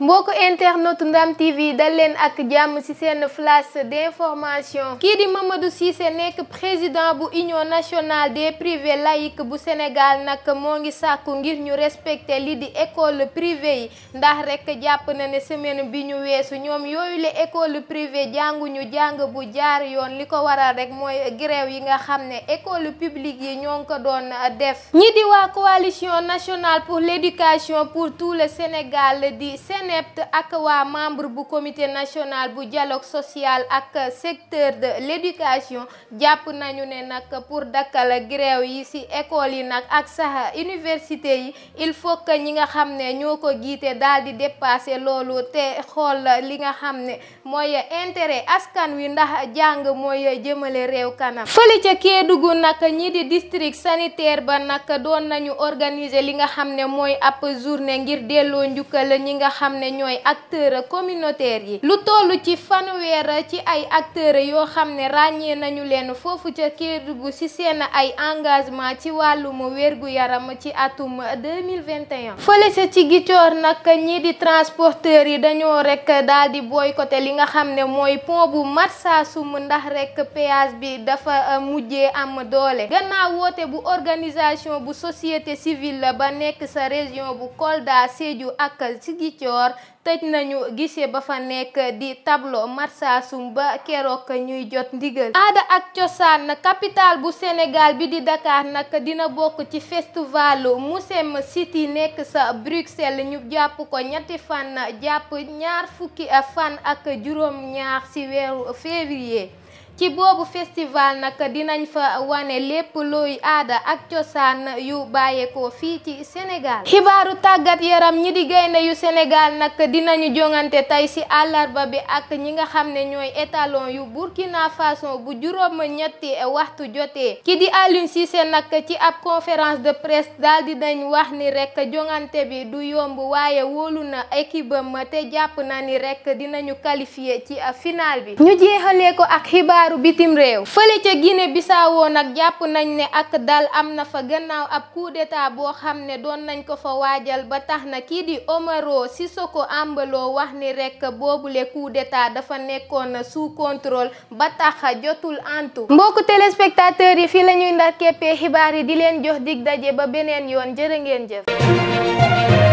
mbokk internet Ndam TV dal leen ak jàmm ci seen flash d'information kii di Mamadou Cissé nekk président bu union nationale des privés laïques bu Sénégal nag moo ngi sàkku ngir ñu respecter li di école privée yi ndax rek jàpp na ne semaine bi ñu weesu ñoom yooyu la école jàngu ñu jàng bu jaar yoon li ko waral rek mooy grève yi nga xam ne école publique yi ñoo ngi ko doon def ñi di waa coalition nationale pour l'éducation pour tout le Sénégal di ak waa membre bu comité national bu dialogue social ak secteur de l'éducation jàpp nañu ne nag pour dakkal grève yi ci école yi nag ak sax université yi il faut que ñi nga xam ne ñoo ko jiite daal di dépasser loolu te xool li nga xam ne mooy intérêt askan wi ndax jàng mooy jëmale réew kanam fële ca Kédougou nag ñi di district sanitaire ba nag doon nañu organiser li nga xam ne mooy ab journée ngir delloo njukkal ñi nga xam xam ñooy acteurs communautaires yi lu toll ci fanweer ci ay acteurs yoo xam ne ràññee nañu leen foofu ca Kédougou ci seen ay engagement ci wàllum wérgu yaram ci atum 2021 fële ca ci Gicoor nag ñii di transporteurs yi dañoo rek daal di boycotté li nga xam ne mooy pont bu Marsassoum ndax rek péage bi dafa euh, mujje am doole gannaaw woote bu organisation bu société civile ba nekk sa région bu Kolda Sédhiou ak Ziguinchor Podor tëj nañu guichet ba fa nekk di tablo Marsassoum ba keroog ñuy jot ndigal aada ak cosaan capitale bu senegaal bi di Dakar nag dina bokk ci festivalu Musem siti nekk sa Bruxelles ñu jàpp ko ñetti fan jàpp ñaar fukki fann ak juróom ñaar ci weeru février ci boobu festival nag dinañ fa wane lépp luy aada ak cosaan yu bàyyeeko fii ci Sénégal xibaaru tàggat yaram ñi di gaynde yu Sénégal nag dinañu jongante tey ci àllarba bi ak ñi nga xam ne ñooy étalon yu Burkina Faso bu juróom ñetti waxtu jotee ki di Aliou Cissé nag ci ab conférence de presse daal di dañ wax ni rek jongante bi du yomb waaye woolu na équipe am te jàpp na ni rek dinañu qualifié ci final bi ñu jeexalee ko ak xibaar xibaaru bitim réew fële ca Guinée Bissau nag jàpp nañ ne ak dal am na fa gannaaw ab coup boo xam ne doon nañ ko fa waajal ba tax na kii di Omaro Sissoko Embalo wax ni rekk boobule coup dafa nekkoon sous contrôle ba tax jotul antu mbokku téléspectateurs yi fi lañuy ñuy ndar keppee xibaar yi di leen jox dig daje ba beneen yoon jërë ngeen jëf